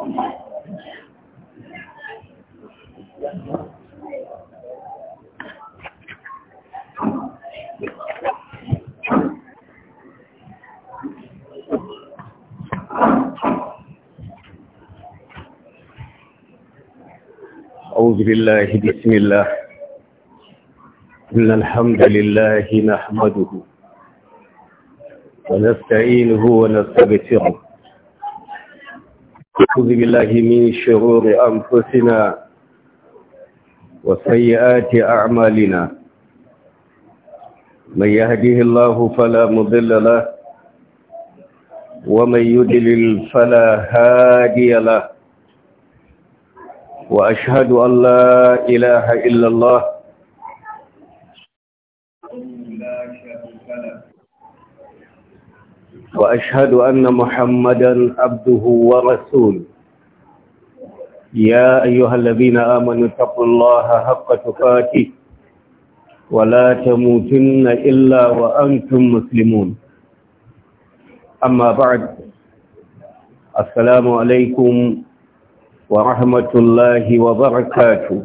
أعوذ بالله بسم الله إن الحمد لله نحمده ونستعينه ونستغفره أعوذ بالله من شرور أنفسنا وسيئات أعمالنا من يهديه الله فلا مضل له ومن يدلل فلا هادي له وأشهد أن لا إله إلا الله وأشهد أن محمدا عبده ورسوله يا أيها الذين آمنوا اتقوا الله حق تقاته ولا تموتن إلا وأنتم مسلمون أما بعد السلام عليكم ورحمة الله وبركاته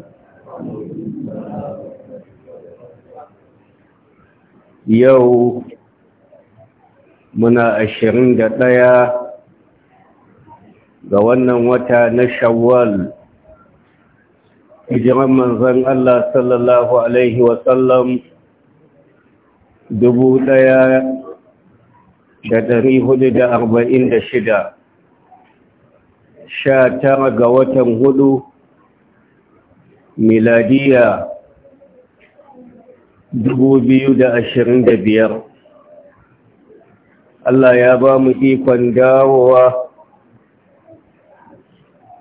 يوم منا أشرين دقيقة ga wannan wata na shawwal hijiran manzan Allah sallallahu Alaihi wasallam dubu ɗaya da dari hudu da arba'in da shida sha tara ga watan hudu miladiya dubu biyu da ashirin da biyar Allah ya ba mu ikon dawowa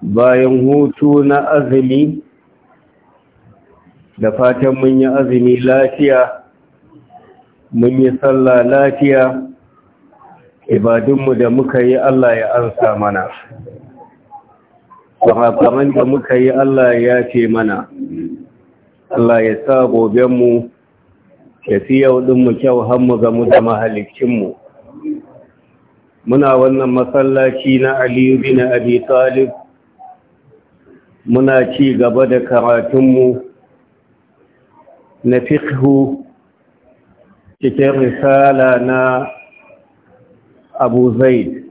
bayan hutu na azumi da fatan mun yi azumi lafiya mun yi sallah lafiya ibadunmu da muka yi Allah ya ansa mana sahabaman da muka yi Allah ya ce mana Allah ya sa gobenmu ya fi yau mu kyau hannu mu da mahalicinmu muna wannan masallaci na aliyu bin abi talib muna ci gaba da karatunmu na fiqhu cikin risala na abu zaid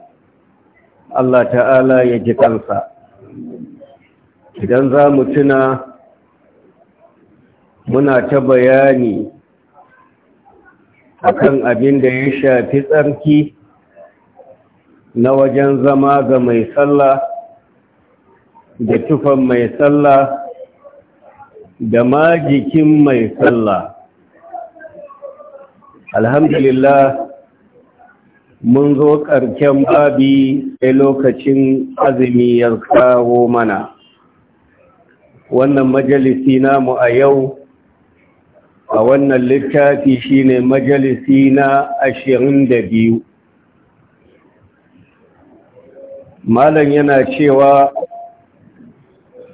Allah ta'ala ya ji kansa idan za mu tuna muna ta bayani akan abin da ya shafi tsarki na wajen zama ga mai sallah da tufan mai sallah da ma jikin mai sallah alhamdulillah mun zo ƙarshen babi a lokacin azumi ya kawo mana wannan majalisi namu a yau a wannan littafi shine majalisi na ashirin da biyu malam yana cewa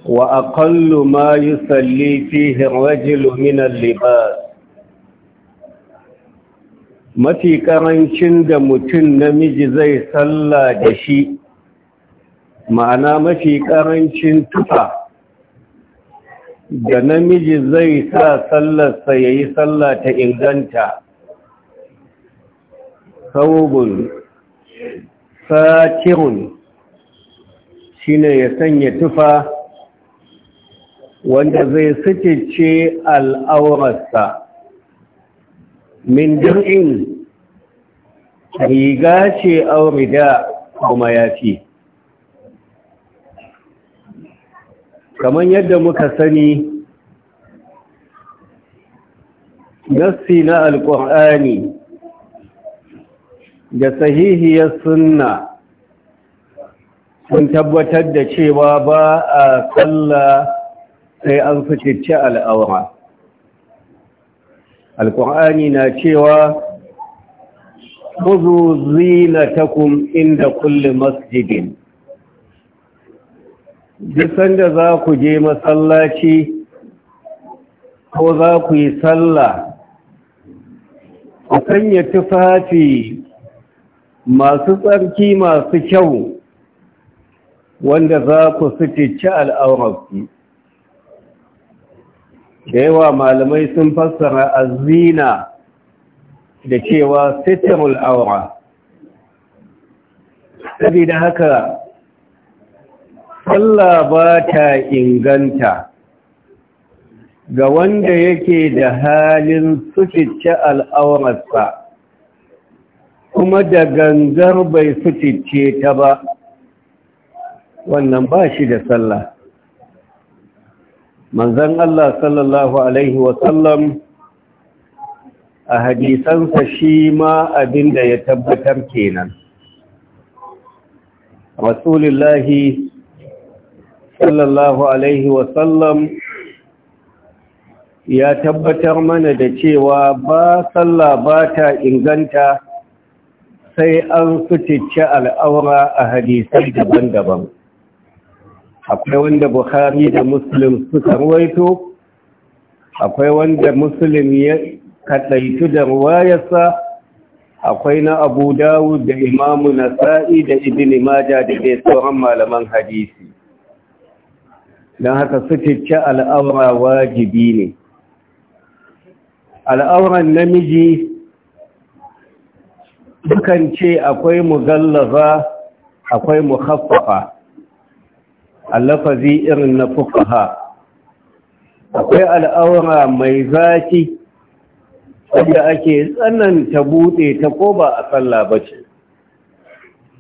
وأقل ما يصلي فيه الرجل من اللباس mafi ƙarancin da mutum namiji zai salla da shi ma'ana mafi ƙarancin tufa da namiji zai sa sallarsa ya yi salla ta inganta saubun satirun ne ya sanya tufa wanda zai sukice al'aurarsa min jirgin riga ce aurida kuma ya fi kamar yadda muka sani nassi na alƙur'ani da sahihiyar sunna sun tabbatar da cewa ba a tsalla sai an fitacce al'aura alƙur'ani na cewa kuzu zinatakum inda kulli masjidin duk sanda za ku je masallaci ko za ku yi sallah ku sanya tufafi masu tsarki masu kyau wanda za ku sutici al'aurarki da yawa malamai sun fassara azina da cewa sitirul aura saboda haka sallah ba ta inganta ga wanda yake da halin sucice al'aurarsa kuma da gangar bai sucice ta ba wannan ba shi da sallah manzan Allah sallallahu Alaihi wasallam a hadisansa shi ma abin da ya tabbatar kenan rasulullahi sallallahu Alaihi wasallam ya tabbatar mana da cewa ba sallah ba ta inganta sai an fitice al'aura a hadisai daban-daban akwai wanda Buhari da muslim suka ruwaito akwai wanda muslim ya kaɗaitu da ruwayarsa akwai na abu dawud da imamu nasa'i da ibn maja da dai sauran malaman hadisi don haka sufice al'aura wajibi ne al'auran namiji dukan ce akwai mugallaza akwai muhaffafa a lafazi irin na fukaha akwai al'aura mai zafi wanda ake tsananta buɗe ta ko ba a sallah ba ce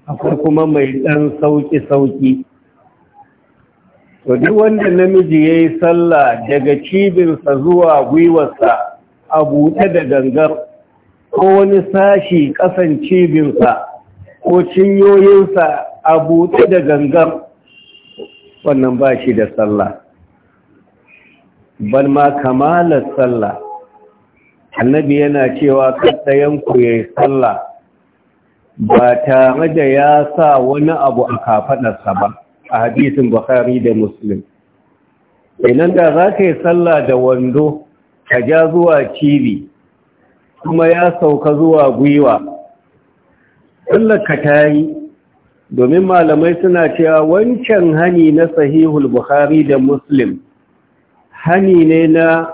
akwai kuma mai ɗan sauƙi-sauƙi to duk wanda namiji ya yi sallah daga cibinsa zuwa gwiwarsa a buɗe da gangar ko wani sashi ƙasan cibinsa ko cinyoyinsa a buɗe da gangar wannan ba shi da sallah bal ma kamalar sallah annabi yana cewa kaddayanku ya yi sallah ba tare da ya sa wani abu a kafaɗarsa ba a hadisin Bukhari da Muslim. Inan da za ka yi sallah da wando, ka ja zuwa cibi, kuma ya sauka zuwa gwiwa, sallar ka ta yi, domin malamai suna cewa wancan hani na sahihul bukhari da muslim hani ne na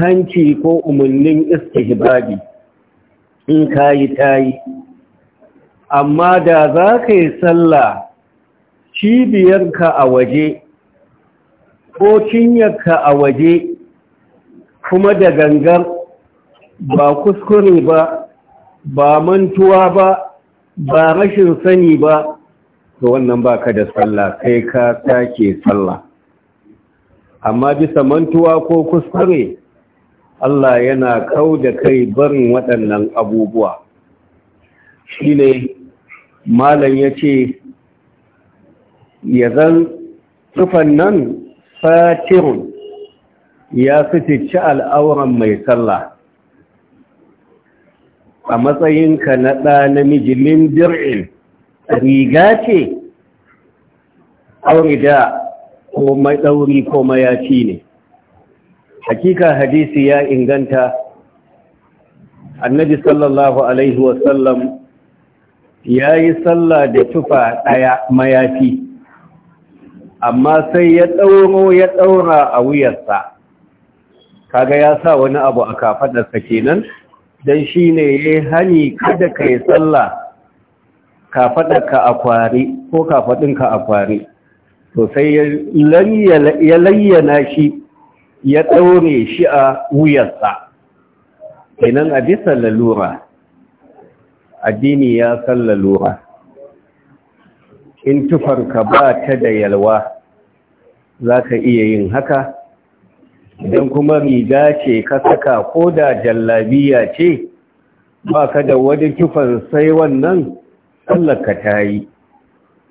hanci ko umarnin istihbabi in ka yi ta yi. amma da za ka yi sallah cibiyarka a waje ko cinyarka a waje kuma da gangar ba kuskure ba ba mantuwa ba ba rashin sani ba to wannan baka da sallah kai ka sake sallah amma bisa mantuwa ko kuskure Allah yana kau da kai barin waɗannan abubuwa shi ne malam ya ce ya zan tufan nan satirun ya fitici al'auran mai sallah a matsayinka na ɗa namiji min dir'in riga ce da, ko mai ɗauri ko mayaci ne hakika hadisi ya inganta annabi sallallahu alaihi wasallam ya yi sallah da tufa ɗaya mayafi amma sai ya ɗauro ya ɗaura a wuyarsa kaga ya sa wani abu a kafaɗarsa kenan don shi ne ya hani kada ka yi tsalla kafaɗarka a kwari ko kafaɗinka a kwari to sai ya layyana shi ya ɗaure shi a wuyarsa inan a bisa lalura addini ya san lalura in tufarka ba ta da yalwa za ka iya yin haka idan kuma riga ce ka saka ko da jallabiya ce ba ka da wani kifan sai wannan tsallaka ta yi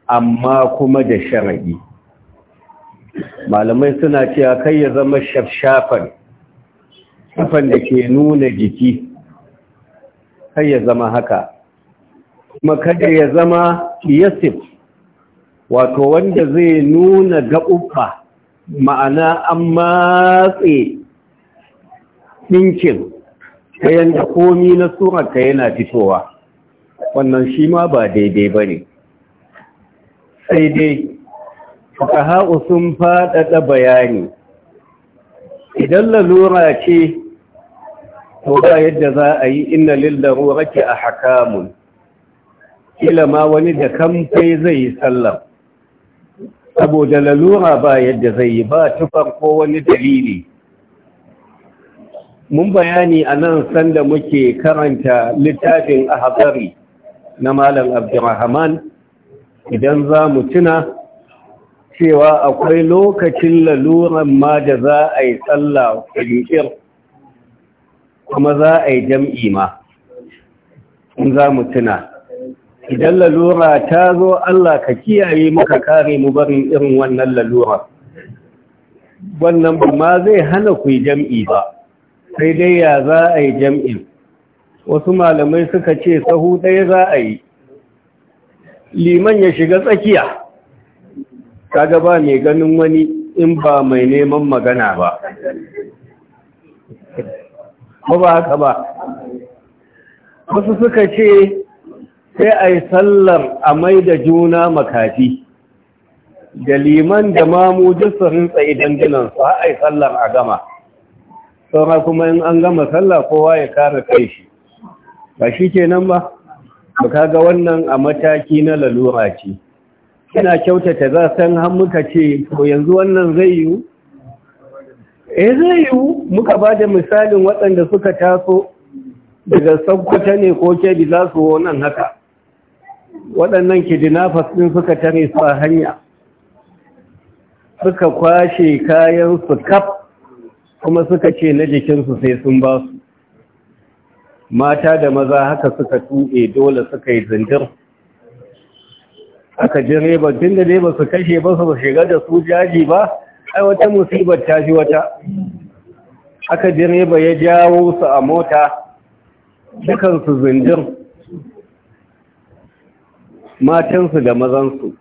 amma kuma da shara'i malamai suna cewa kai ya zama shafshafan kafan da ke nuna jiki kai ya zama haka kuma kada ya zama yasif wato wanda zai nuna gaɓuɓɓa ma'ana an matse ɗinkin ta yanda komi na suraka yana fitowa wannan shi ma ba daidai ba ne sai dai fuka sun faɗaɗa bayani idan lalura ce to ba yadda za a yi ina lillaru rake a hakamun Ila ma wani da kamfai zai yi sallar saboda lalura ba yadda zai yi ba ta farko wani dalili mun bayani a nan sanda muke karanta littafin ahazari na malam abdurrahman idan za mu tuna cewa akwai lokacin laluran ma da za a yi tsalla kirkir kuma za a yi jam'i ma in za mu tuna idan lalura ta zo Allah ka kiyaye muka kare mu barin irin wannan lalura wannan ma zai hana ku jam'i ba sai dai ya za a yi jam'in wasu malamai suka ce sahu ɗaya za a yi liman ya shiga tsakiya kaga ba mai ganin wani in ba mai neman magana ba ba ba haka ba wasu suka ce sai a yi sallar a mai da juna makafi da liman da mamu jinsu rintsa idan ginansu har a yi sallar a gama saura kuma in an gama sallah kowa ya kare kai shi ba shi kenan ba ba kaga wannan a mataki na lalura ce ina kyautata za san har muka ce ko yanzu wannan zai yiwu eh zai yiwu muka ba da misalin waɗanda suka taso daga sakwata ne ko kebi za su nan haka waɗannan kidinafas ɗin suka tare su a hanya suka kwashe kayan su kaf kuma suka ce na jikinsu sai sun ba su mata da maza haka suka tuɓe dole suka yi zindir aka direba tun da dai ba su kashe ba su shiga da su jaji ba ai wata musibar ta ji wata aka direba ya jawo su a mota dukansu zindir matansu da mazansu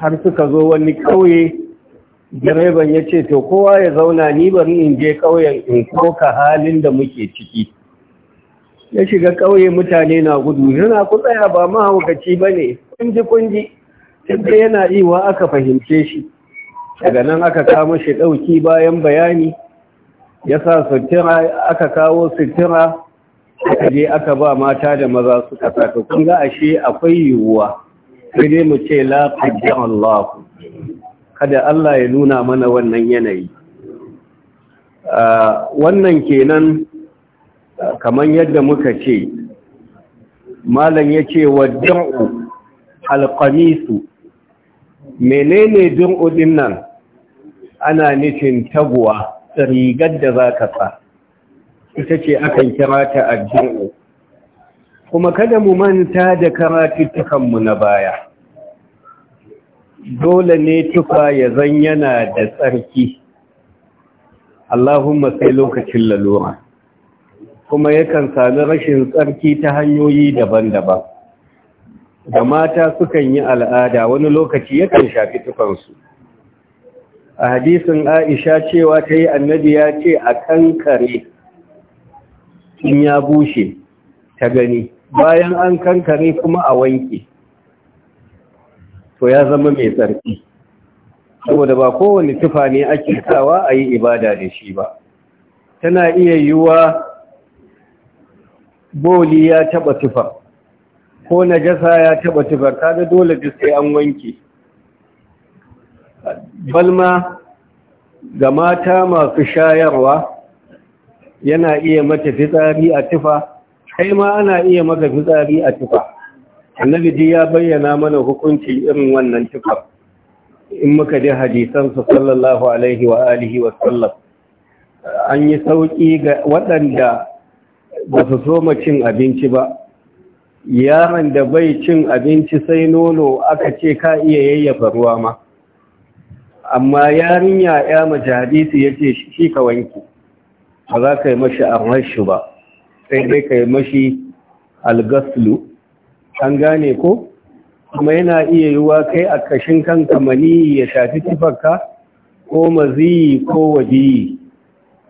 har suka zo wani ƙauye direban ya ce to kowa ya zauna ni bari in je ƙauyen in koka halin da muke ciki ya shiga ƙauye mutane na gudu yana ku ba mahaukaci ba ne kunji-kunji tunda yana iwa aka fahimce shi daga nan aka kama shi ɗauki bayan bayani ya sa sutura aka kawo sutura aka je aka ba mata da maza suka saka kun ga ashe akwai yiwuwa sai dai mu ce la qaddara Allah kada Allah ya nuna mana wannan yanayi wannan kenan kaman yadda muka ce malam yace wadda'u alqamisu menene dur'u din ana nufin taguwa rigar da zaka sa ita ce akan kira ta addu'u kuma kada mu manta da karatuttukanmu na baya dole ne tufa ya zan yana da tsarki Allahumma sai lokacin lalura kuma yakan sami rashin tsarki ta hanyoyi daban-daban da mata sukan yi al'ada wani lokaci yakan shafi tufansu a hadisin aisha cewa ta yi annabi ya ce a kankare in ya bushe ta gani bayan an kankare kuma a wanke to ya zama mai tsarki saboda ba kowane tufa ne ake sawa a yi ibada da shi ba tana iya yiwuwa boli ya taba tufa ko najasa ya taba tufa kaga dole da sai an wanke balma ga mata masu shayarwa yana iya mace fitsari a tufa kai ma ana iya maka fitsari a tufa annabi ji ya bayyana mana hukunci irin wannan tufa in muka ji hadisansu sallallahu alaihi wa alihi wa sallam an yi sauƙi ga waɗanda ba su soma cin abinci ba yaron da bai cin abinci sai nono aka ce ka iya yayyafa ruwa ma amma yarinya ya mace hadisi ya ce shi ka wanki ba za ka yi mashi arrashu ba sai dai ka yi mashi algaslu an gane ko kuma yana iya yiwuwa kai a kashin kanka mani ya shafi tifarka ko maziyi ko wajiyi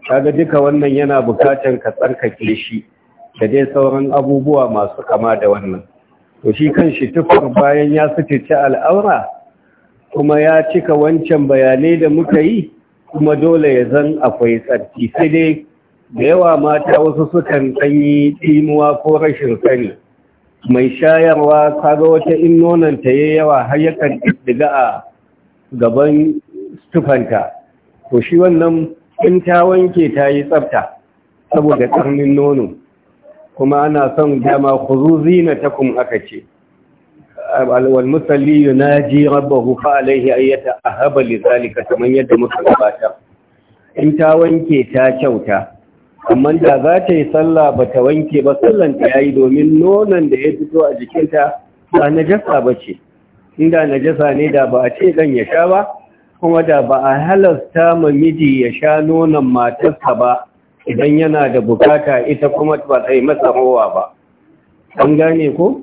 kaga duka wannan yana bukatar ka tsarkake shi da dai sauran abubuwa masu kama da wannan to shi kanshi tufar bayan ya sutuce al'aura kuma ya cika wancan bayanai da muka yi kuma dole ya zan akwai tsarki sai dai da yawa mata wasu sukan sanyi timuwa ko rashin sani mai shayarwa kaga wata in ta ya yawa har yakan diga a gaban stufanta to shi wannan in ta wanke ta yi tsafta saboda karnin nono kuma ana son dama khuzuzi ta takum aka ce wal musalli yunaji rabbahu fa alaihi ayyata a li zalika kamar yadda muka gabata in ta wanke ta kyauta amma da za ta yi sallah ba ta wanke ba sallan ta yayi domin nonon da ya fito a jikinta ba na jasa ba ce inda na jasa ne da ba a ce dan ya sha ba kuma da ba a halasta ma miji ya sha nonon matarsa ba idan yana da bukata ita kuma ba ta yi masa rowa ba an gane ko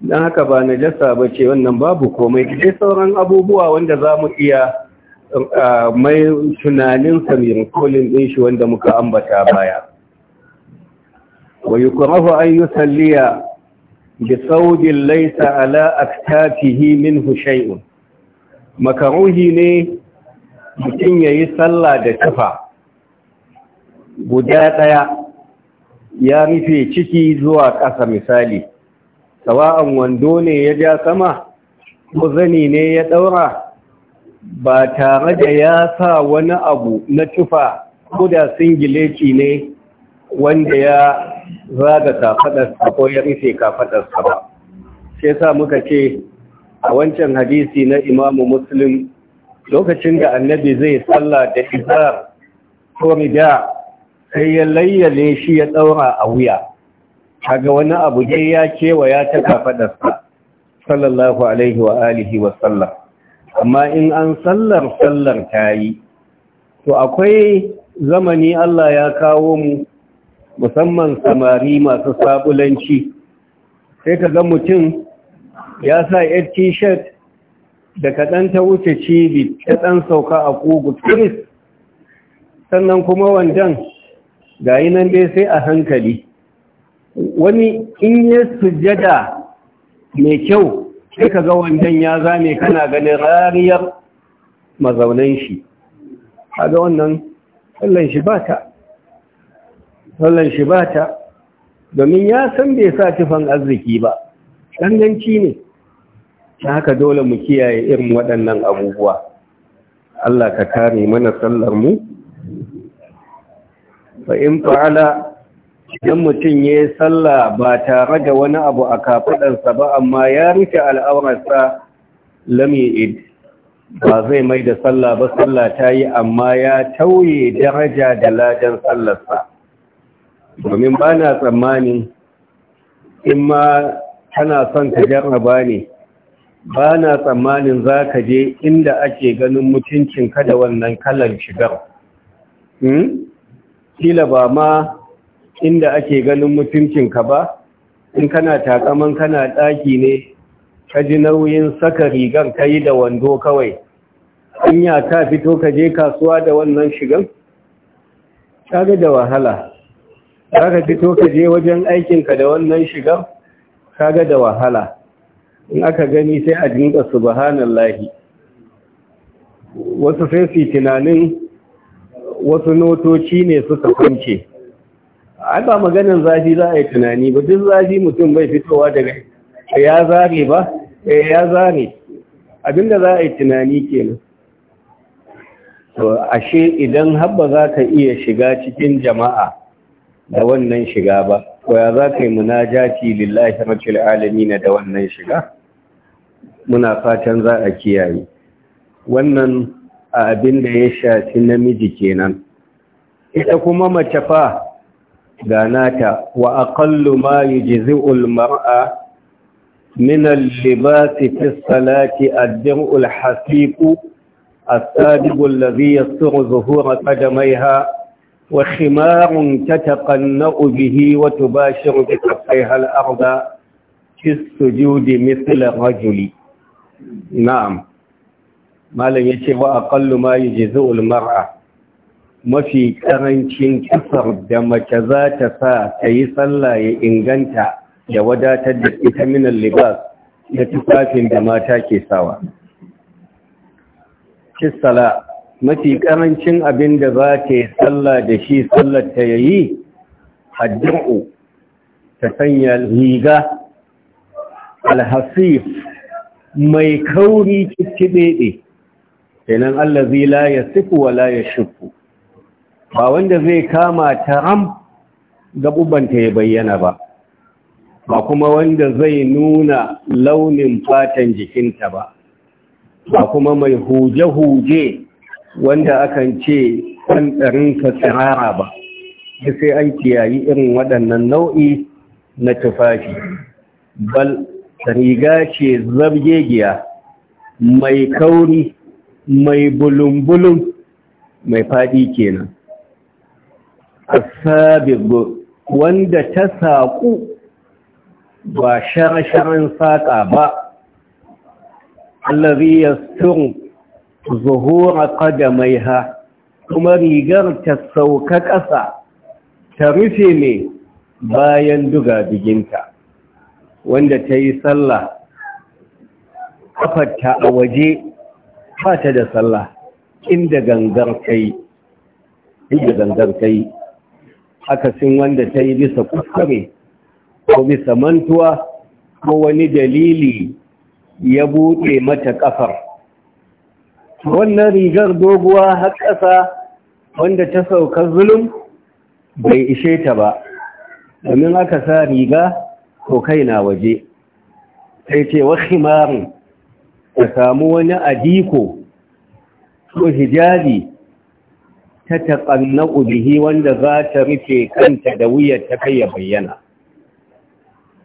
don haka ba najasa ba ce wannan babu komai da sauran abubuwa wanda za mu iya mai tunanin samirin kolin ɗin shi wanda muka ambata baya wa yukrahu an yusalliya bi saudin laysa ala aktafihi minhu shay'un makaruhi ne mutum yayi sallah da tafa. guda ɗaya ya rufe ciki zuwa ƙasa misali sawa'an wando ne ya ja sama ko zani ne ya ɗaura ba tare da ya sa wani abu na tufa ko da ci ne wanda ya zaga kafadarsa ko ya rufe kafadarsa ba sai sa muka ce a wancan hadisi na imamu muslim lokacin da annabi zai tsalla da izar ko rida sai ya layyale shi ya tsaura a wuya haga wani abu dai ya kewaya ta kafadarsa sallallahu alaihi wa alihi wa sallam amma in an sallar sallar ta yi to akwai zamani Allah ya kawo mu musamman samari masu sabulanci sai ka ga mutum ya sa yar t-shirt da kaɗan ta wuce cibi ta ɗan sauka a kogu turis sannan kuma wandan yi nan dai sai a hankali wani in yi sujada mai kyau sai ka ga wancan ya zame kana ganin rariyar mazaunan shi kaga wannan sallan shi bata sallan shi bata domin ya san bai sa tufan arziki ba danganci ne ta haka dole mu kiyaye irin waɗannan abubuwa Allah ka kare mana sallar mu fa in fa'ala idan mutum ya yi sallah ba tare da wani abu a kafaɗarsa ba amma ya rufe al'aurarsa lamye id ba zai mai da sallah ba sallah ta yi amma ya tauye daraja da ladan sallarsa domin ba na tsammanin in ma tana son ka jarraba ne ba na tsammanin za ka je inda ake ganin mutuncinka da wannan kalan shigar hmm? kila ba ma inda ake ganin mutuncin ka ba in kana takaman kana daki ne ka ji nauyin saka rigan ka yi da wando kawai ya ta fito ka je kasuwa da wannan shigan kaga da wahala kaga fito ka je wajen aikinka da wannan shigan kaga da wahala in aka gani sai a dinga subhanallahi wasu sai su tunanin wasu notoci ne suka kunce ai ba maganin zafi za a yi tunani ba duk zafi mutum bai fitowa daga eh, ya zare ba eh, ya zare abinda za a yi tunani nan. to ashe idan habba za ka iya shiga cikin jama'a da wannan shiga ba to ya za ka yi munajati lillahi rabbil na da wannan shiga muna fatan za a kiyaye wannan abin da ya shafi namiji kenan ita kuma mace fa دانات وأقل ما يجزئ المرأة من اللباس في الصلاة الدرء الحسيق السادب الذي يستر ظهور قدميها وخمار تتقنأ به وتباشر بكفيها الأرض في السجود مثل الرجل نعم ما لم يشف أقل ما يجزئ المرأة mafi karancin kasar da mace za ta sa ta yi sallah ya inganta ya wadatar da ita minan libas da tufafin da mata ke sawa. Kisala mafi karancin abin da za ta yi tsalla da shi sallar ta yayi haddu'u ta sanya riga alhassif mai kauri cikin ɗaiɗe, nan Allah zai la ya sifu wa la ya shifu. ba wanda zai kama ta ram gabubanta ya bayyana ba ba kuma wanda zai nuna launin fatan jikinta ba ba kuma mai huje-huje wanda akan ce ɗanɗarinka tsirara ba ya sai an kiyayi irin waɗannan nau'i na tufafi bal riga ce zabgegiya mai kauri mai bulumbulum mai faɗi kenan asabib wanda ta saƙu ba shara-sharan saƙa ba allazi yastun zuhura qadamaiha kuma rigar ta sauka ƙasa ta rufe ne bayan duga bikinta. wanda ta yi sallah kafarta a waje ba da sallah inda gangar ta inda sin wanda ta yi bisa kuskure ko bisa mantuwa ko wani dalili ya buɗe mata ƙafar wannan rigar doguwa har ƙasa wanda ta sauka zulum bai ishe ta ba domin aka sa riga ko kai na waje sai ce wa himarin ka samu wani adiko ko hijabi ta taƙannaku ƙudihi wanda za ta rufe kanta da wuyar ta kai ya bayyana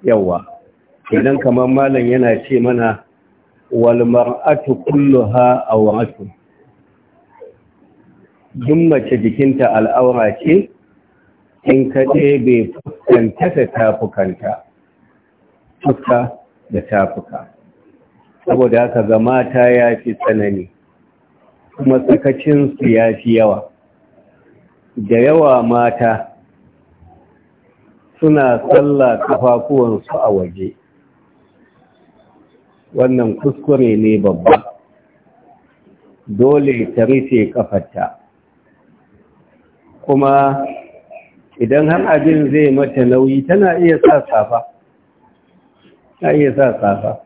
yawa idan kamar malam yana ce mana Walmar walmar'atu kulluha awratu duk mace jikinta al'aura ce in ka ɗebe fuskanta da tafukanta fuska da tafuka saboda haka ga mata ya fi tsanani kuma tsakacinsu ya fi yawa da yawa mata suna tsalla kafafuwansu a waje wannan kuskure ne babba dole ta rufe kafarta kuma idan har abin zai mata nauyi tana iya sa safa ta iya sa safa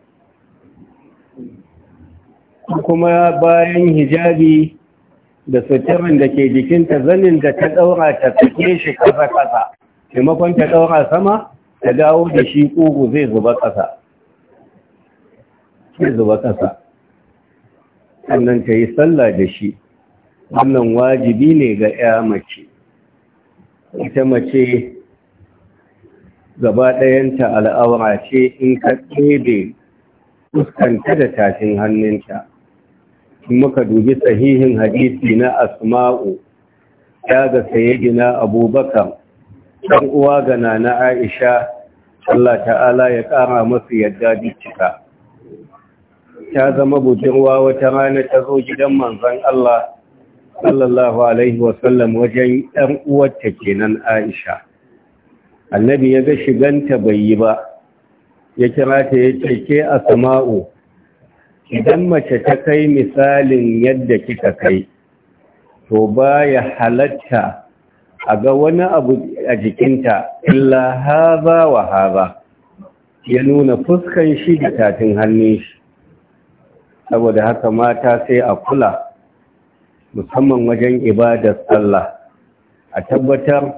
kuma bayan hijabi da suturin da ke jikinta zanin da ta ɗaura ta tsaye shi ƙasa-ƙasa taimakon ta ɗaura sama ta dawo da shi ƙugu zai zuba ƙasa zai zuba ƙasa sannan ta yi sallah da shi wannan wajibi ne ga ya mace ita mace gaba ɗayanta al'aura ce in ka ɗebe fuskanta da tafin hannunta muka dubi sahihin hadisi na asma'u ya ga sayyidina abubakar ɗan uwa ga nana aisha Allah ta'ala ya ƙara masu yadda cika ta zama budurwa wata rana ta zo gidan manzon Allah sallallahu alaihi wasallam wajen ɗan uwarta kenan Aisha annabi ya ga shiganta bai yi ba ya kira ta ya ce ke asma'u idan mace ta kai misalin yadda kika kai to ba ya halatta a ga wani abu a jikinta illa haza wa haza ya nuna fuskan shi da tatin hannun shi saboda haka mata sai a kula musamman wajen ibadar sallah a tabbatar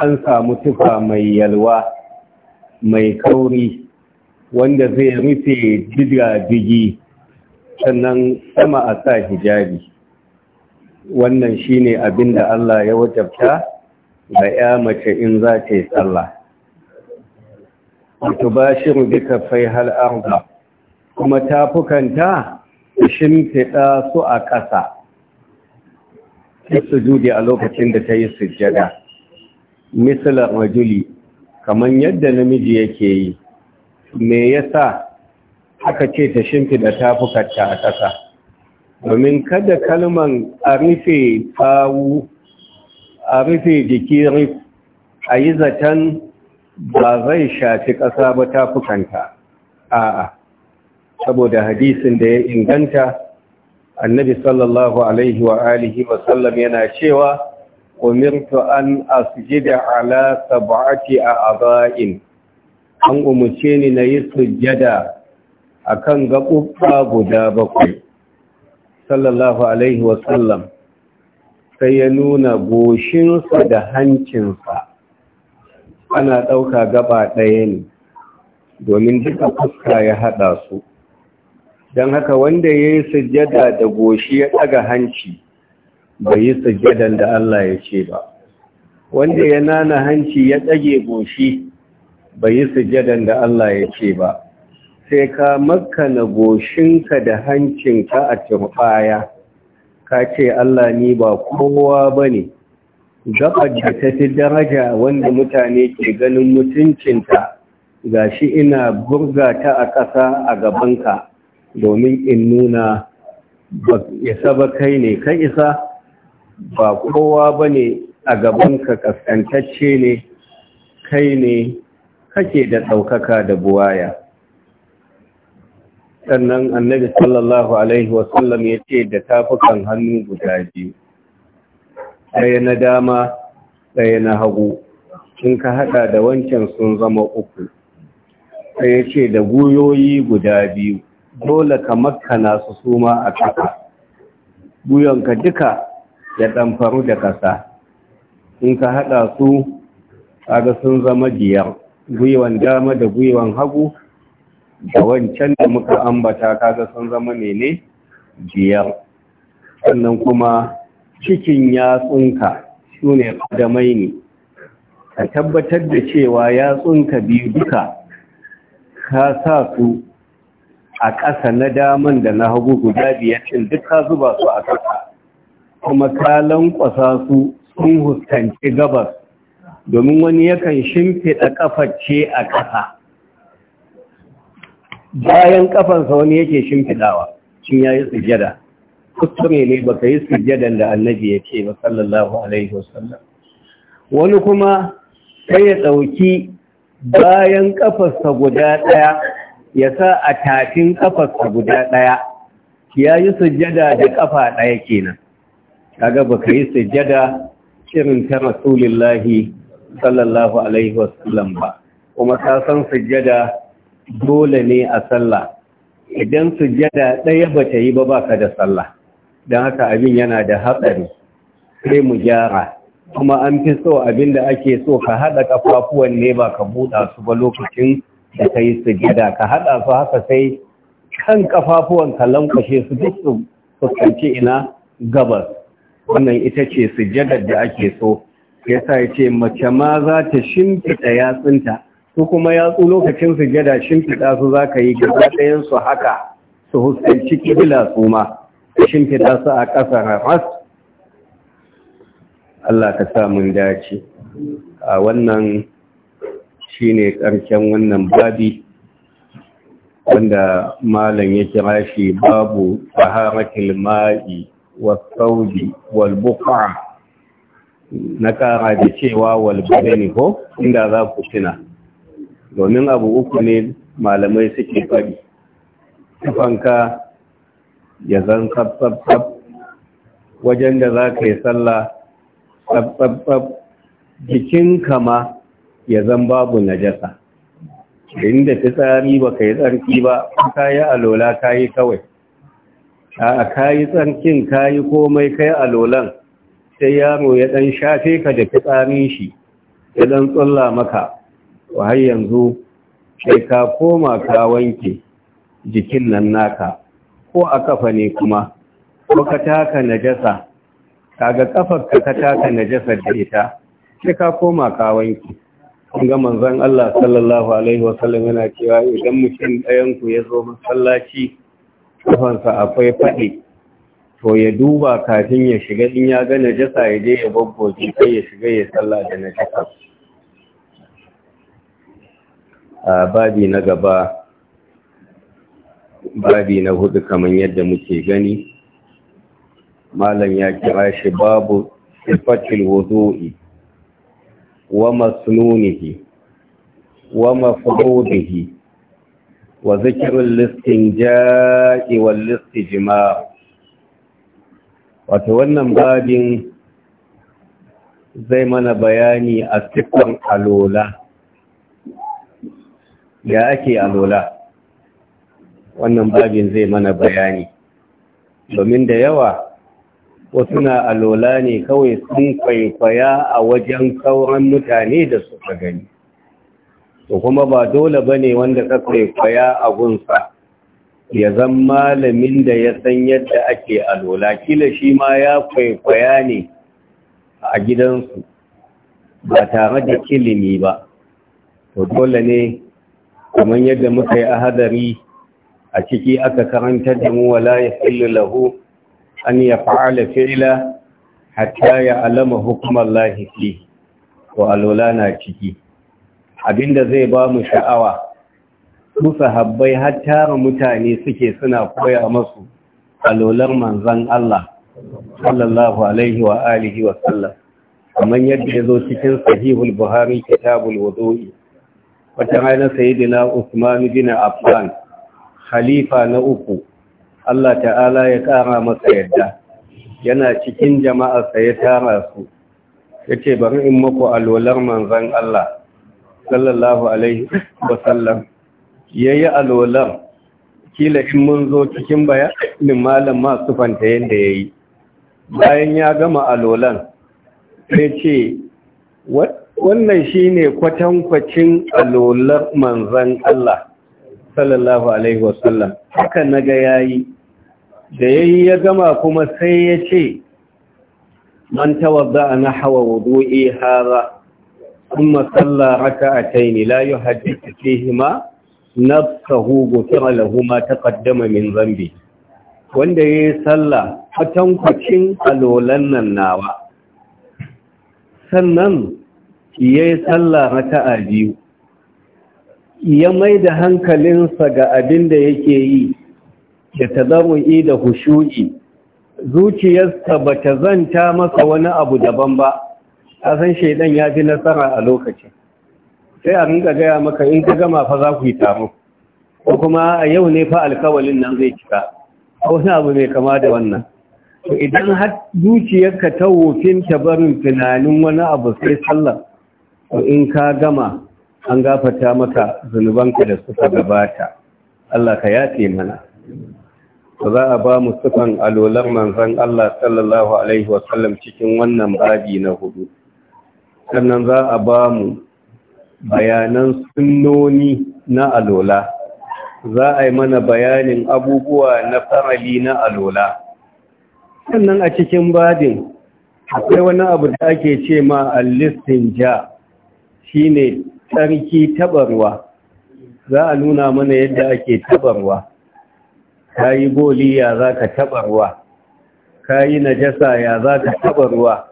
an samu tufa mai yalwa mai kauri wanda zai rufe diga-digi sannan sama a sa hijabi wannan shine abin da Allah ya wajabta ga ya mace in za ta yi tsalla wato ba shi rubika fai arba. kuma tafukanta shimfiɗa su a ƙasa su jude a lokacin da ta yi sujjada misalar rajuli kamar yadda namiji yake yi me yasa aka ce ta shimfiɗa tafukarta a ƙasa domin kada kalman a rufe tsawu a rufe jiki a yi zaton ba zai shafi ƙasa ba tafukanta a'a saboda hadisin da ya inganta annabi sallallahu alaihi wa alihi wa sallam yana cewa umirtu an asjida ala sab'ati a'dha'in an umarce ni na yi sujjada a kan gaɓuɓɓa guda bakwai sallallahu alaihi wasallam sai ya nuna goshinsa da hancinsa ana ɗauka gaba ɗaya ne domin duka fuska ya haɗa su don haka wanda ya yi sujjada da goshi ya ɗaga hanci bai yi sujjadan da Allah ya ce ba wanda ya nana hanci ya ɗage goshi bai yi sujadan da Allah ya ce ba sai ka makka na goshinka da hancinka a turbaya. ka ce Allah ni ba kowa ba ne da ta fi daraja wanda mutane ke ganin mutuncinta ga shi ina burga ta a ƙasa a gabanka domin in nuna isa ba kai ne ka isa ba kowa ba ne a gabanka kaskantacce ne kai ne kake da ɗaukaka da buwaya sannan annabi sallallahu alaihi wasallam ya ce da tafukan hannu guda biyu ɗaya na dama ɗaya na hagu in ka haɗa da wancan sun zama uku sai ya ce da guyoyi guda biyu dole ka makana su suma a ƙasa guyonka duka ya ɗamfaru da ƙasa in ka haɗa su kaga sun zama biyar gwiwan dama da gwiwan hagu da wancan da muka ambata kaga sun zama ne ne biyar sannan kuma cikin yatsunka su ne kadamai ne ka tabbatar da cewa yatsunka biyu duka ka sa su a ƙasa na daman da na hagu guda biyar cin duka zuba su a ƙasa kuma ka lankwasa su sun huskanci gabas domin wani yakan shimfiɗa ce a ƙasa bayan ƙafansa wani yake shimfiɗawa cin ya yi sujjada kuskure ne ba ka yi sujjadan da annabi ya ce ba sallallahu alaihi wasallam wani kuma sai ya ɗauki bayan ƙafarsa guda ɗaya ya sa a tafin ƙafarsa guda ɗaya ya yi sujjada da ƙafa ɗaya kenan kaga ba ka yi sujjada irin ta rasulillahi sallallahu alaihi wasallam ba kuma ta san sujjada dole ne a sallah idan sujjada ɗaya ba ta yi ba baka da sallah don haka abin yana da haɗari, sai mu gyara kuma an fi so abin da ake so ka haɗa kafafuwan ne ba ka buɗa su ba lokacin da ka yi sujjada ka haɗa su haka sai kan kafafuwan ka lankwashe su duk su fuskanci ina gabas wannan ita ce sujjadar da ake so yasa ya ce mace ma za ta shimfiɗa yatsunta su kuma yatsu lokacin gada shimfiɗa su za ka yi gaba ɗayan su haka su huskanci ƙibila su ma shimfiɗa su a ƙasa ras Allah ka sa mun dace a wannan ne ƙarshen wannan babi wanda malam ya kira shi babu taharatil ma'i wa sawbi wal na kara da cewa ne ko inda za ku tuna domin abu uku ne malamai suke fari tufanka ya zan tsab wajen da za ka yi sallah tsab-tsab kama ya zan babu najasa inda fitsari ba ka yi tsarki ba ka yi alola ka yi kawai a ka yi tsarkin ka yi komai ka yi alolan sai yaro ya ɗan shafe ka da fitsarin shi ya ɗan tsulla maka wa har yanzu sai ka koma ka wanke jikin nan naka ko a kafa ne kuma ko ka taka najasa kaga kafar ka ka taka najasar da ita sai ka koma ka wanke kun ga manzon Allah sallallahu alaihi wasallam yana cewa idan mutum ɗayan ku ya zo masallaci kafansa akwai faɗi to ya duba kafin ya shiga in ya gane jasa ya je ya goggoge kai ya shiga ya sallah da na jasa a babi na gaba babi na hudu kamar yadda muke gani malam ya kira shi babu sifatil wudu'i wa masnunihi wa mafrudihi wa zikrul listinja'i wal jima'a. wato wannan babin zai mana bayani a cikin alola ya ake alola wannan babin zai mana bayani domin da yawa wasu na alola ne kawai sun kwaikwaya a wajen sauran mutane da suka gani to kuma ba dole bane wanda ka kwaikwaya a gunsa ya zan malamin da ya san yadda ake alola kila shi ma ya kwaikwaya ne a gidansu ba tare da ilimi ba to dole ne kamar yadda muka yi hadari a ciki aka karanta da mu wala ya fillu lahu an ya fa'ala fila, hatta ya alama hukumar lahifi to alola na ciki abinda zai ba mu sha'awa su sahabbai har tara mutane suke suna koya masu alolar manzan Allah sallallahu alaihi wa alihi wa sallam kamar yadda ya zo cikin sahihul buhari kitabul wudu'i wata ranar sayyidina usman bin affan khalifa na uku Allah ta'ala ya kara masa yadda yana cikin jama'a ya tara su yace bari in muku alolar manzon Allah sallallahu alaihi wa sallam ya yi alwalar kila in mun zo cikin bayanin malam masu fanta yadda ya yi bayan ya gama alwalan sai ce wannan shi ne kwatankwacin alolar manzan Allah sallallahu Alaihi wasallam haka na ga yayi da ya yi ya gama kuma sai ya ce man tawadda ana hawa wudu'i hara kuma salla raka a taini la yi hajjita nafsahu gufira lahu ma taqaddama min zambi wanda yayi sallah kwatankwacin alolan nan nawa sannan yayi sallah raka'a biyu ya mai da hankalinsa ga abin da yake yi ya tazarru'i da hushu'i zuciyarsa bata zanta masa wani abu daban ba a san shaidan ya fi nasara a lokacin sai a rinka gaya maka in ka gama fa za ku yi taro ko kuma a yau ne fa alkawalin nan zai cika a wani abu mai kama da wannan to idan har zuciyarka ta wofin ta barin tunanin wani abu sai sallah to in ka gama an gafata maka zunubanka da suka gabata Allah ka yace mana za a ba mu sukan alolan manzan Allah sallallahu Alaihi wasallam cikin wannan babi na hudu sannan za a ba mu bayanan sunnoni na alola za a yi mana bayanin abubuwa na farali na alola sannan a cikin badin akwai wani abu da ake ce ma allistin ja ne tsarki tabarwa za a nuna mana yadda ake tabarwa ka yi goli ya za ka tabarwa ka yi najasa ya za ka tabarwa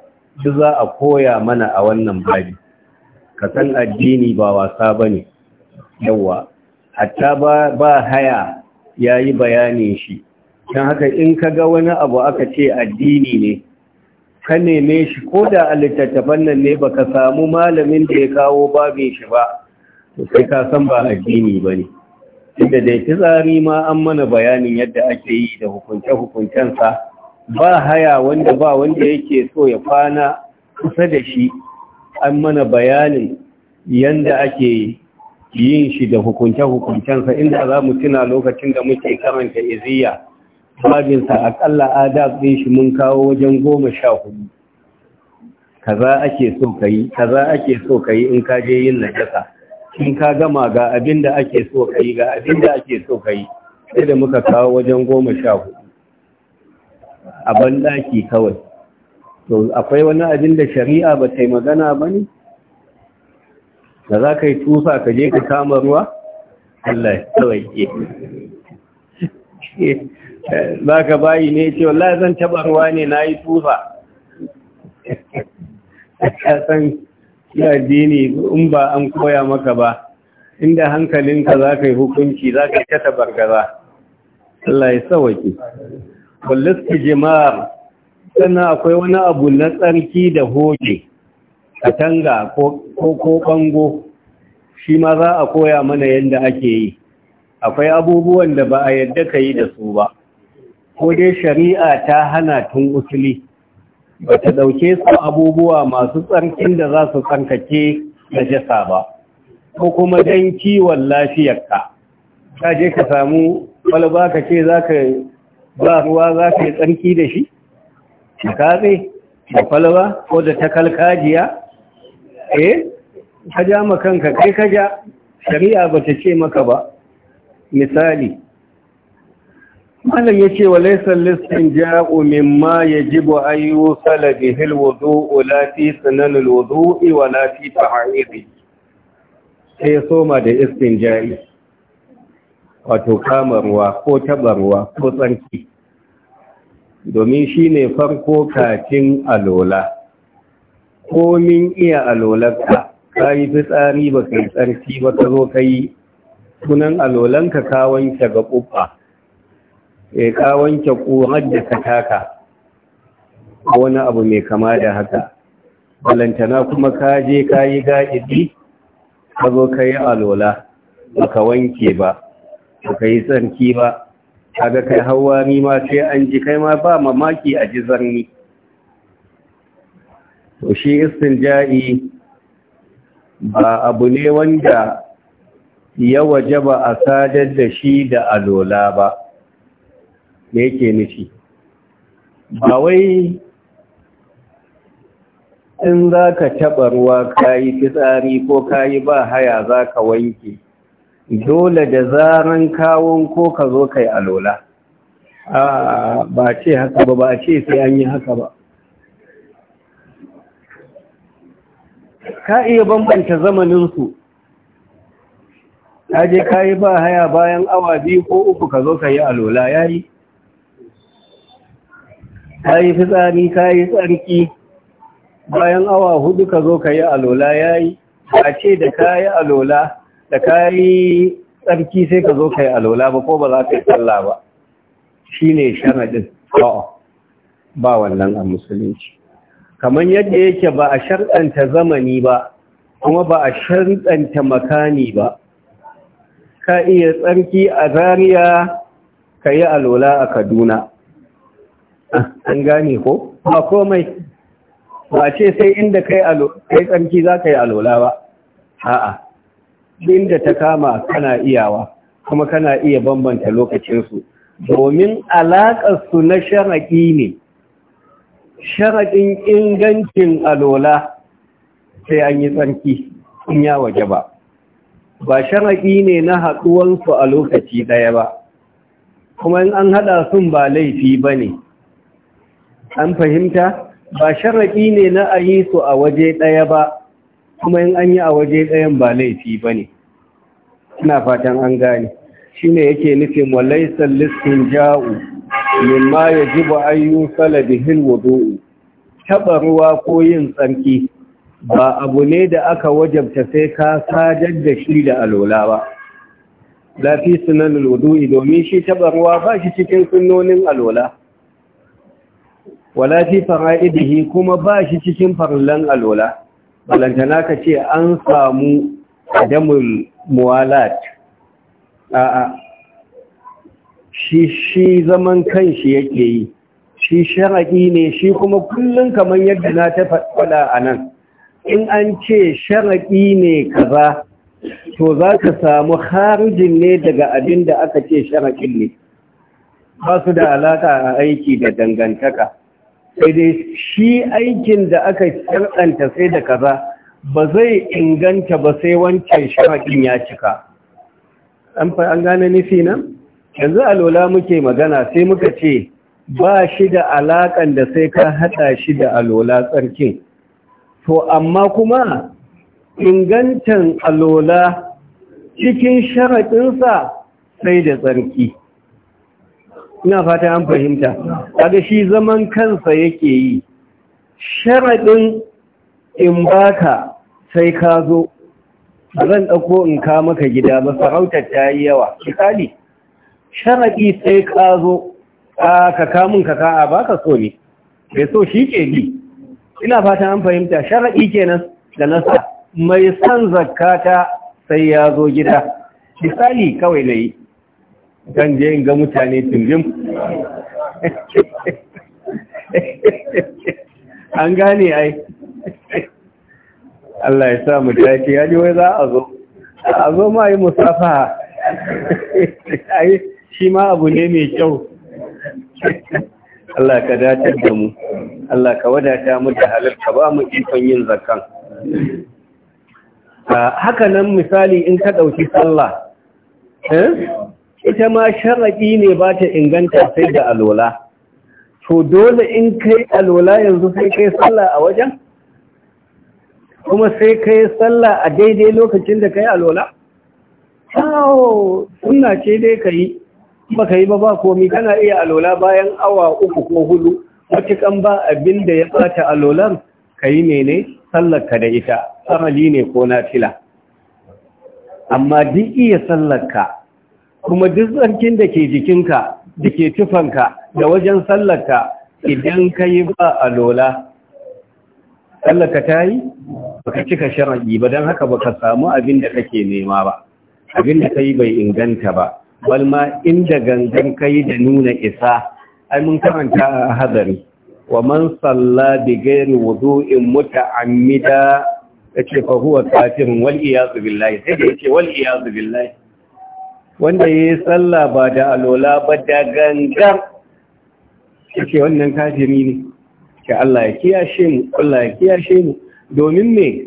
duk za a koya mana a wannan bari ka san addini ba wasa ba ne yawa hatta ba haya ya yi bayanin shi don haka in ka ga wani abu aka ce addini ne ka neme shi ko da a littattafan nan ne ba ka samu malamin da ya kawo babin shi ba to sai ka san ba addini ba ne inda dai tsari ma an mana bayanin yadda ake yi da hukunce-hukuncensa ba haya wanda ba wanda yake so ya kwana kusa da shi an mana bayanin yanda ake yin shi da hukunce-hukuncensa inda za mu tuna lokacin da muke karanta iziya babinsa akalla adab ɗin shi mun kawo wajen goma sha hudu kaza ake so ka yi kaza ake so ka yi in ka je yin najasa in ka gama ga abin da ake so ka yi ga abin da ake so ka yi sai da muka kawo wajen goma sha hudu a banɗaki kawai to akwai wani abin da shari'a ba ta yi magana ba ne da za ka yi tufa ka je ka kama ruwa Allah kawai ke za ka bayi ne ce wallah zan taɓa ruwa ne na yi tufa a san ya dini in ba an koya maka ba inda hankalinka za ka yi hukunci za ka yi ta tabargaza Allah ya tsawaki. Wallis jima'ar. sannan akwai wani abu na tsarki da hoge katanga ko ko bango shi ma za a koya mana yadda ake yi akwai abubuwan da ba a yadda ka yi da su ba ko dai shari'a ta hana tun usuli ba ta ɗauke su abubuwa masu tsarkin da za su tsarkake najasa ba ko kuma don kiwon lafiyarka ka je ka samu kwalba ka ce za ka ba ruwa za ka yi tsarki da shi da da kwalba ko da takalkajiya eh ka ja ma kanka kai ka ja shari'a ba ta ce maka ba misali malam ya ce wa laisar listin ja'u mimma ya ji bu ayyu salabi hilwudu ulafi sananin wudu'i wa lafi fa'a'iri sai soma da istin ja'i wato kamarwa ko tabarwa ko tsanki domin shi ne farko kacin alola komin iya alolarka ka yi fitsari ba ka yi tsarki ba ka zo ka yi sunan alolanka ka wanke ga ƙuɓɓa ya eh, ka wanke ƙurar da ka taka wani abu mai kama da haka balantana kuma ka je ka yi ga'idi ka zo ka yi alola ba ka wanke ba ba ka yi tsarki ba kaga kai hawa ni ma sai an ji kai ma ba mamaki a ji zarni to shi istinja'i ba abu ne wanda ya waje ba a sadar da shi da alola ba me yake nufi ba wai in za ka taɓa ruwa ka yi fitsari ko ka yi ba haya za ka wanke dole da zaran kawon ko ka zo kai alola a ba ce haka ba ba ce sai an yi haka ba ka iya bambanta zamaninsu Ta je ka yi ba haya bayan awa biyu ko uku ka zo ka yi alola ya yi ka yi fitsari ka yi tsarki bayan awa hudu ka zo ka yi alola ya yi a ce da ka yi alola da ka yi tsarki sai ka zo ka yi alola ba ko ba za ka yi tsalla ba shi ne sharaɗin ba wannan a musulunci kamar yadda yake ba a sharɗanta zamani ba kuma ba a sharɗanta makani ba ka iya tsarki a zariya ka yi alola a kaduna ah, an gane ko ba komai ba ce sai inda ka yi tsarki za ka yi alola ba a'a inda ta kama kana iyawa kuma kana iya bambanta lokacinsu domin su na sharaƙi ne sharaƙin ingancin alola sai an yi tsarki in ya waje ba ba sharaƙi ne na haɗuwansu a lokaci ɗaya ba kuma in an haɗa sun ba laifi ba ne an fahimta ba sharaƙi ne na a su a waje ɗaya ba kuma in an yi a waje ɗayan ba laifi ba ne ina fatan an gane shi ne yake nufin wa laisan listin ja'u ma ya ji ba ayyun salabihin wado'u taɓa ruwa ko yin tsarki ba abu ne da aka wajabta sai ka sadar da shi da alola ba lafi sunan alwudu'i domin shi taɓa ruwa ba shi cikin sunonin alola wala fi fara'idihi kuma ba shi cikin farlan alola balantana ka ce an samu adamul muwalat a'a shi shi zaman shi yake yi shi shara'i ne shi kuma kullum kamar yadda na ta faɗa a nan in an ce shara'i ne kaza to za ka samu harijin ne daga abin da aka ce shara'in ne ba su da alaƙa a aiki da dangantaka sai dai shi aikin da aka sharɗanta sai da kaza ba zai inganta ba sai wancan sharaɗin ya cika an an gane nufi nan yanzu alola muke magana sai muka ce ba shi da alaƙan da sai ka haɗa shi da alola tsarkin to amma kuma ingantan alola cikin sharaɗinsa sai da tsarki ina fata an fahimta kaga shi zaman kansa yake yi sharadin in baka sai ka zo zan ɗauko in ka maka gida ba sarautar ta yi yawa misali sharadi sai ka zo ka ka mun ka ka'a ba ka so ne bai so shi ke bi ina fata an fahimta sharadi kenan da nasa mai san zakata sai ya zo gida misali kawai na yi kan je yin ga mutane tunjim an gane ai Allah ya sa mu dace ya ji wai za a zo a zo ma yi musafa ai shi ma abu ne mai kyau Allah ka dace da mu Allah ka wadata mu da halarta ba mu ikon yin zakkan. Ah, haka nan misali in ka ɗauki sallah eh? ita ma sharaɗi ne ba ta inganta sai da alola to dole in kai alola yanzu sai kai sallah a wajen kuma sai kai sallah a daidai lokacin da kai alola awo suna ce dai ka yi ba ka yi ba ba komi kana iya alola bayan awa uku ko hudu matukan ba abin da ya bata alolan ka yi mene sallarka da ita amali ne ko na fila amma duk iya sallarka kuma duk tsarkin da ke jikinka da ke tufanka da wajen sallaka, idan ka yi ba a lola Sallaka ta yi baka cika sharaɗi ba don haka baka samu abin da kake nema ba abin da ka yi bai inganta ba balma inda gangan ka yi da nuna isa ai mun karanta a hadari wa man salla bi ghairi wudu'in muta'ammida yace fa huwa kafirun wal iyaz billahi sai da yace wal billahi wanda ya yi tsalla ba da alola ba da gangan suke wannan kafiri ne ke Allah ya kiyashe mu Allah ya kiyashe mu domin me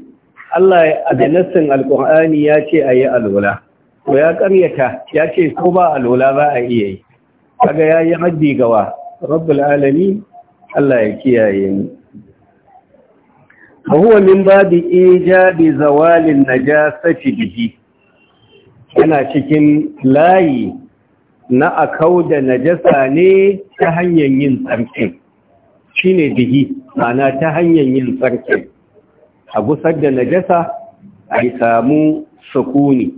Allah a da nassin alkur'ani ya ce a yi alola to ya karyata ya ce ko ba alola ba a iya yi kaga ya yi haddi gawa rabbul alami Allah ya kiyaye mu فهو من zawalin إيجاب زوال النجاسة به yana cikin layi na akau da najasa ne ta hanyar yin tsarkin shi ne bihi mana ta hanyar yin tsarkin a gusar da najasa a yi samu sukuni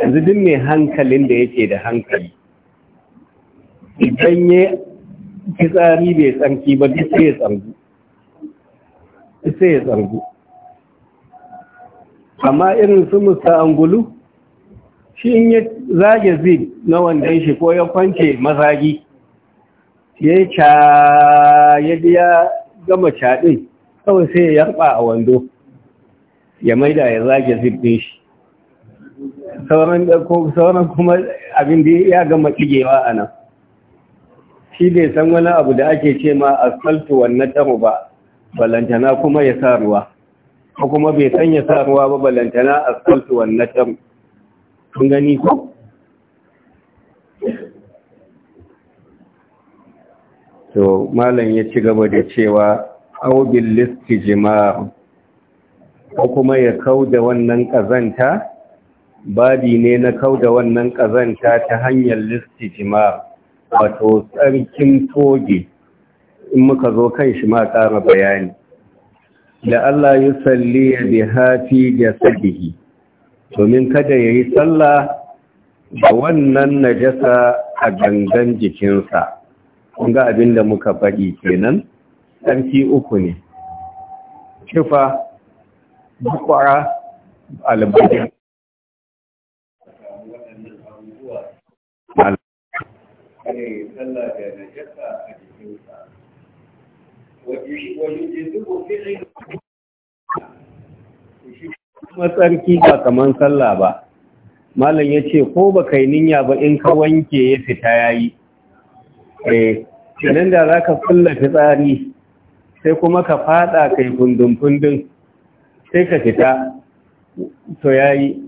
yanzu duk mai hankalin da yake da hankali idan ya tsari bai tsarki ba duk sai ya tsargu sai ya tsargu amma irin su musta angulu shi in ya zage zid na wandon shi ko ya kwance mazagi ya yi ca ya biya gama caɗin kawai sai ya yarba a wando ya maida ya zage zid ɗin shi sauran kuma abin da ya gama ɗigewa a nan shi bai san wani abu da ake ce ma asfaltu wannan taro ba balantana kuma ya sa ruwa ko kuma bai san ya sa ruwa ba balantana asfaltu wannan taro. kun gani ko to malam ya ci gaba da cewa aubin Listi Jima'a, ko kuma ya kau da wannan ƙazanta babi ne na kau da wannan ƙazanta ta hanyar Listi Jima'a. wato tsarkin toge in muka zo kan shi ma ƙara bayani da Allah yi salli ya bi hafi da sabihi domin kada ya yi sallah da wannan najasa a gangan jikinsa kun ga abin da muka faɗi kenan ƙarfi uku ne kifa bukwara albajin ويجذب فعل matsarki ba kaman sallah ba malam ya ce ko ba kai ninya ba in ka wanke ya fita ya yi idan eh, da za ka kulla fitsari sai kuma ka fada kai fundun-fundun sai ka fita to ya yi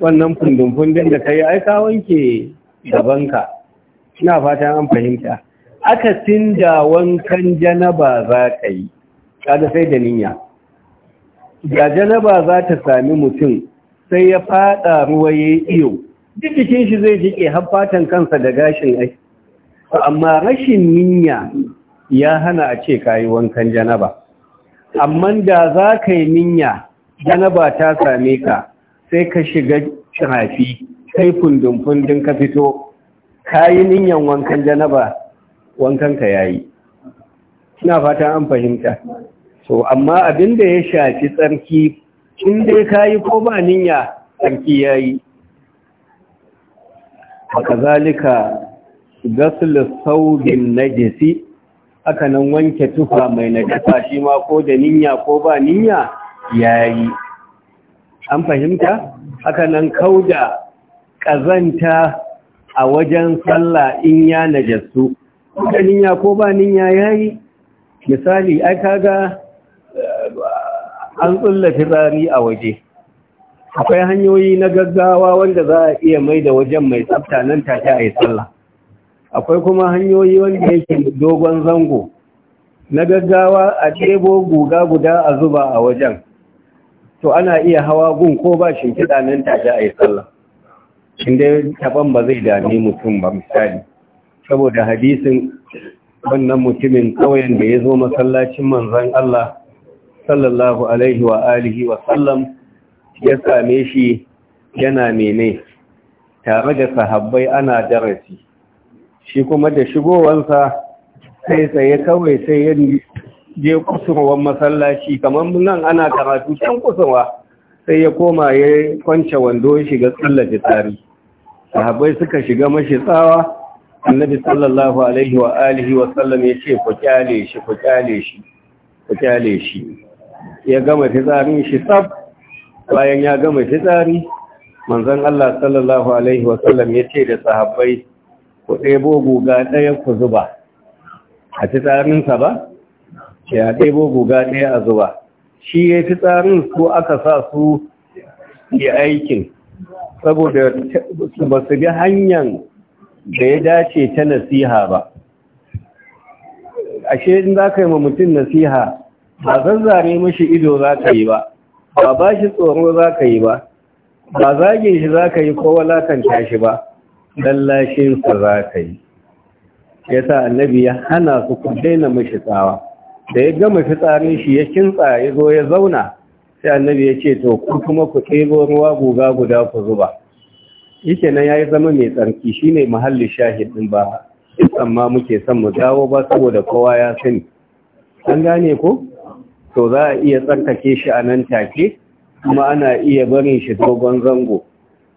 wannan fundun-fundun da ka yi aika wanke ka, ina fatan an fahimta akasin da wankan janaba za ka yi kada sai da niyya da janaba za ta sami mutum sai ya fada ruwa ya iyo duk jikin shi zai jike har fatan kansa da gashin ai amma rashin niyya ya hana a ce kayi wankan janaba amma da za ka yi niyya janaba ta same ka sai ka shiga shirafi kai fundun-fundun ka fito ka niyyan wankan janaba wankan ya yi ina fatan an fahimta so amma abin da ya shafi tsarki in dai ka yi ko ba niyya tsarki ya yi haka zalika gasul na najisi aka nan wanke tufa mai najasa shi ma ko da niyya ko ba niyya ya yi an fahimta haka nan kauda ƙazanta a wajen sallah in ya najasu ko da niyya ko ba niyya ya yi misali ai kaga an tsullafi tsari a waje akwai hanyoyi na gaggawa wanda za a iya mai da wajen mai tsafta nan take a yi sallah akwai kuma hanyoyi wanda yake dogon zango na gaggawa a ɗebo guga guda a zuba a wajen to ana iya hawa gun ko ba shimfiɗa nan take a yi sallah inda taɓon ba zai dami mutum ba misali saboda hadisin wannan mutumin ƙauyen da ya zo masallacin manzan Allah sallallahu alaihi wa alihi wa sallam ya same shi yana mene tare da sahabbai ana darasi shi kuma da shigowansa sai tsaye kawai sai ya je kusurwan masallaci kamar nan ana karatu can kusurwa sai ya koma ya kwance wando ya shiga tsallace tsari sahabbai suka shiga mashi tsawa annabi sallallahu alaihi wa alihi wa sallam ya ce ku kyale shi ku kyale shi ku kyale shi ya gama fitsarin shi tsab bayan ya gama fitsari manzon Allah sallallahu alaihi Sallam ya ce da sahabbai ku ɗebo guga ɗaya ku zuba a fitsarinsa ba ke a ɗebo guga ɗaya a zuba shi ya fitsarin su aka sa su yi aikin saboda ba su bi hanyar da ya dace ta nasiha ba ashe in za ka yi ma mutum nasiha ba zanzare mashi ido za ka yi ba ba ba shi tsoro za ka yi ba ba zage shi za ka yi ko lakanta shi ba lallashinsa za ka yi ya sa annabi ya hana su ku daina mashi tsawa da ya gama fitsarin shi ya kintsa ya zo ya zauna sai annabi ya ce to ku kuma ku ɗebo ruwa guga guda ku zuba yake nan ya yi zama mai tsarki shi ne muhallin shahid ɗin ba amma muke son mu dawo ba saboda kowa ya sani an gane ko to za a iya tsarkake shi a nan take kuma ana iya barin shi dogon zango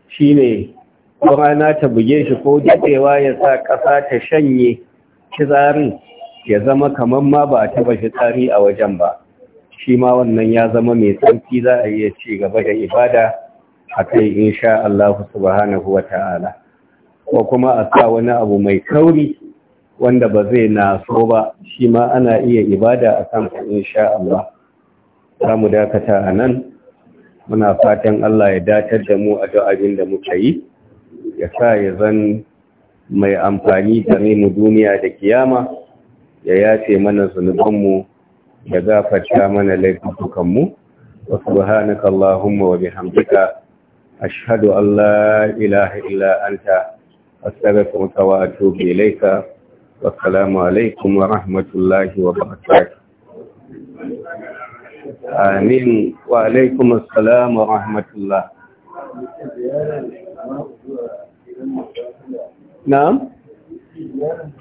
Shi shine rana ta buge shi ko daɗewa ya sa ƙasa ta shanye tsarin, ya zama kamar ma ba a taba shi tsari a wajen ba shi ma wannan ya zama mai tsarki za a iya ci gaba da ibada a kai insha Allah subhanahu wa ta'ala ko kuma a sa wani abu mai kauri wanda ba zai naso ba shi ma ana iya ibada a kan insha Allah za mu dakata a nan muna fatan Allah ya datar da mu a abin da muka yi ya sa ya zan mai amfani da mu duniya da kiyama ya yace mana zunubanmu ya gafarta mana laifukanmu wa subhanaka allahumma wa bihamdika ashhadu an la ilaha illa anta astaghfiruka wa atubu ilayka والسلام عليكم ورحمة الله وبركاته آمين وعليكم السلام ورحمة الله نعم